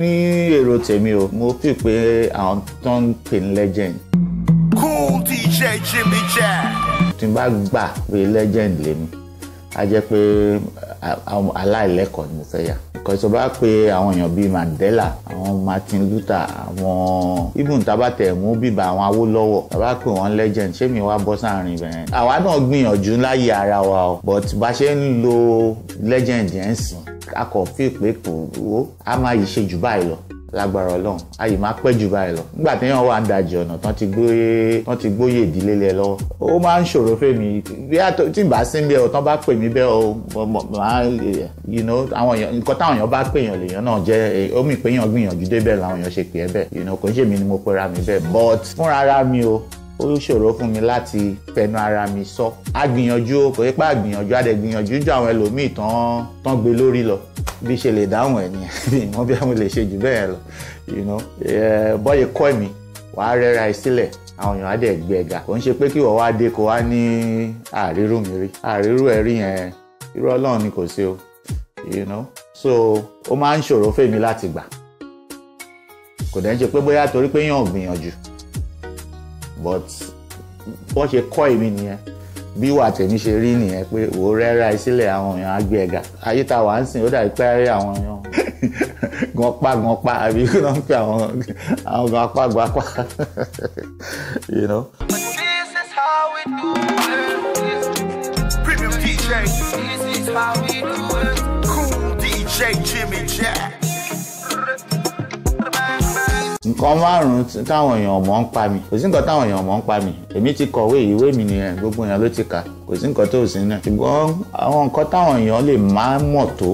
ní èrò tèmi o mo fi pé àwọn tó ń legend. cool dj Jimmy Jack. tí n bá gbà pé legend lèmi a jẹ́ pé aláìlẹ́kọ̀ọ́ ni mo fẹ́ yà kọsọ bá pe àwọn èèyàn bíi Mandela àwọn Martin Luther àwọn even tabatẹ mú bíbá àwọn Awólọ́wọ̀ bàbá pè wọ́n legend ṣé mi wá bọ́ sáàrin bẹ́ẹ̀. àwa náà gbìyànjú láyé ara wa o but bá ṣe ń lo legend yẹn sìn akọ̀ fíì pé kò wó a máa yìí ṣe jù báyìí lọ lágbára ọlọ́run a yìí máa pẹ́ jù báyìí lọ nígbà téèyàn wà ń dajì ọ̀nà tán ti gbóyè tán ti gbóyè ìdílé lẹ lọ́wọ́ ó máa ń ṣòro fèmí bí tí n bá sí bí ọ̀tán bá pè mí bẹ́ẹ̀ o máa you know àwọn èèyàn nǹkan táwọn èèyàn bá pè yàn lèèyàn náà jẹ́ omi eh, pé yàn gbìyànjú débẹ̀ làwọn èèyàn ṣe pè é bẹ́ẹ̀ you know kò ń ṣèmi ni mo pera mi bẹ́ẹ̀ but fúnra mi o ó ṣòro fún mi láti fẹnu ara mi sọ agbìyànjú kò yẹ pé agbìyànjú adẹ̀gbìyànjú ju àwọn ẹlòmíì tán tán gbé lórí lọ bí ṣe lè dáhùn ẹ̀ nìyẹn wọ́n bí àwọn lè ṣe jù bẹ́ẹ̀ lọ you know eh, bọ́yì kọ́ mi wàá rẹ́ra ẹ sílẹ̀ àwọn èèyàn á dẹ̀ gbé ẹ ga kò ń ṣe pé kí wọ́n wá dé kó wá ní àrírù mi rí àrírù ẹ rí yẹn irú ọlọ́run ni kò sí o you know so ó máa ń ṣòro fèmi láti gbà kò dẹ́ ń ṣe pé bóyá torí pé yàn gbìyànjú but bó ṣe kọ́ èmi nìyẹn bí wà tèmi ṣe rí nìyẹn pé wò ó rẹ́ra sílẹ̀ àwọn èèyàn á gbé ẹ̀gà ayé ta wà ń sìn ó dàbí pé á rí àwọn èèyàn gan pa gan pa àbí kí wọ́n ń àwọn àwọn gan apá gan apá you know. Jimmy Jack nǹkan márùn-ún táwọn èèyàn mọ̀ ń pa mi kò sí nǹkan táwọn èèyàn mọ̀ ń pa mi èmi ti kọ̀wé ìwé mi nìyẹn gbogbo èèyàn ló ti kà kò sí nǹkan tó sí náà ṣùgbọ́n àwọn nǹkan táwọn èèyàn lè má mọ̀ tó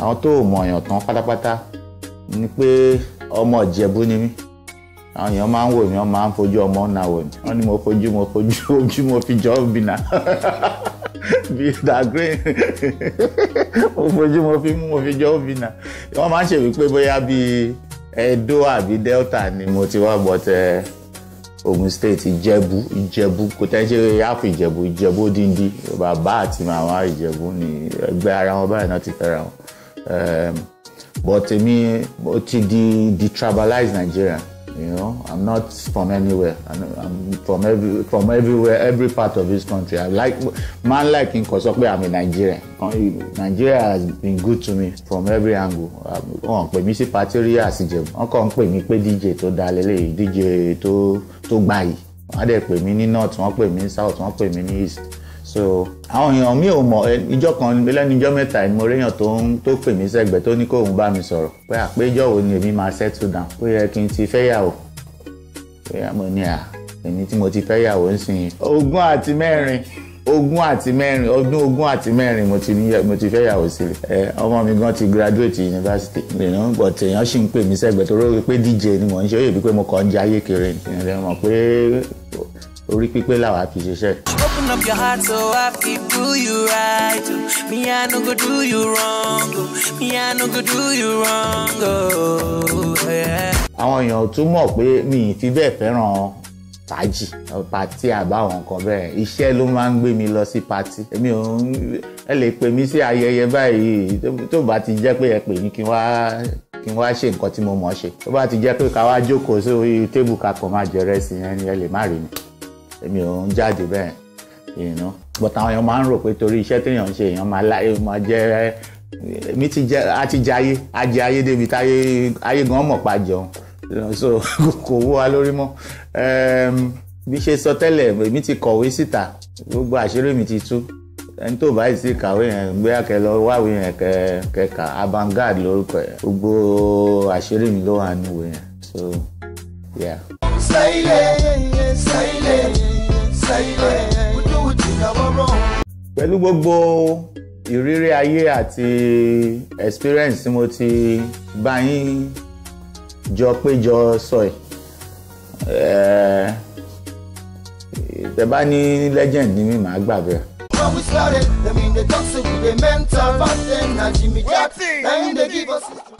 àwọn tó mọ̀ èèyàn tán pátápátá ni pé ọmọ Ìjẹ̀bú ni mí àwọn èèyàn máa ń wò mí wọ́n máa ń fojú ọmọ náà wò mí wọ́n ní mo fojú mo fojú ojú mo fi jọ́ bí náà bí dàgbé mo fojú mo fi mú mo fi jọ òbí náà wọn máa ń ṣèwí pé bóyá bíi Edo àbí Delta ni mo ti wá bọ̀tẹ́ eh, Ogun State Ìjẹ̀bú Ìjẹ̀bú kò tẹ́ ṣe áàpù Ìjẹ̀bú Ìjẹ̀bú díndín bàbá àti màmá Ìjẹ̀bú ni ẹgbẹ́ ara wọn báyìí náà ti fẹ́ra wọn ehm, but èmi mo ti di di tribalized Nigerian You know, I'm not from anywhere. I'm from every from everywhere, every part of this country. I like man like in Kosokwe, I'm a Nigerian. Nigeria has been good to me from every angle. Um, wọ́n pè mí sí pàtírí àsìjẹ̀mú. Wọ́n kàn ń pè mí pé DJ tó da lélẹ̀, DJ to tó gbà yìí. Wọ́n á dẹ̀ pè mí ní north, wọ́n pè mí ní south, wọ́n pè mí ní east so àwọn èèyàn mi ò mọ̀ ìjọ kan lẹ́nu ìjọ mẹ́ta mo réyàn tó ń tó pè mí sẹ́gbẹ̀ẹ́ tó ní kó òun bá mi sọ̀rọ̀ pé àpéjọ wo ni èmi máa settle down ó yẹ kí n ti fẹ́yàwó bóyá mo ní à èmi tí mo ti fẹ́yàwó ń sìn yìí ogún àti mẹ́rin ogún àti mẹ́rin ọdún ogún àti mẹ́rin mo ti mo ti fẹ́yàwó sílẹ̀ ẹ ọmọ mi gan ti graduate university lèyàn but èèyàn sì ń pè mí sẹ́gbẹ̀ẹ́ tó rọ́ọ̀ pé DJ ni mò ń ṣe ó yẹ bí pé mo kàn ń jayé kiri ìrìn rẹ mọ̀ pé orí pípé làwọn á fi ṣiṣẹ́ open up your heart so I can do you right. Me, I no go do you wrong. Oh. Me, I no go do you wrong. Oh. Yeah. àwọn èèyàn tún mọ̀ pé mi ì fi bẹ́ẹ̀ fẹ́ràn fàájì pàtí àbáwọn nǹkan bẹ́ẹ̀ iṣẹ́ ló máa ń gbé mi lọ sí pàtí èmi ò ń ẹ lè pè mí sí ayẹyẹ báyìí tó bá ti jẹ́ pé ẹ pè mí kí n wá kí n wá ṣe nǹkan tí mo mọ̀ ṣe tó bá ti jẹ́ pé ká wá jókòó sórí tébù kakọ̀ máa jẹrẹ sí yẹn ẹ lè má rí mi èmi ò ń jáde bẹ́ẹ̀ you know but àwọn èèyàn máa ń rò pé torí iṣẹ́ téèyàn ń ṣe èèyàn máa láyé máa jẹ́ mi ti jẹ́ a ti jẹ ayé a jẹ ayé débi táyé ayé gan mọ̀ pa jẹun so kò wó wa lórí mọ́ ehm, bí ṣe sọ tẹ́lẹ̀ èmi ti kọ̀wé síta gbogbo àṣírí mi ti tú ẹni tó bá sì kàwé yẹn gbé akẹ lọ wáwé yẹn kẹ kẹka avangard lórúkọ yẹn gbogbo àṣírí mi ló wà níwèé yẹn so yeah. Saile, saile, saile pẹ̀lú gbogbo ìrírí ayé àti experience tí mo ti bá yín jọ péjọ sọ ẹ̀ eh, tẹ́ ní legend ni mi màá gbà bẹ́ẹ̀. When we started, they mean the toxic, they mental, but then Jimmy Jack, then they give us.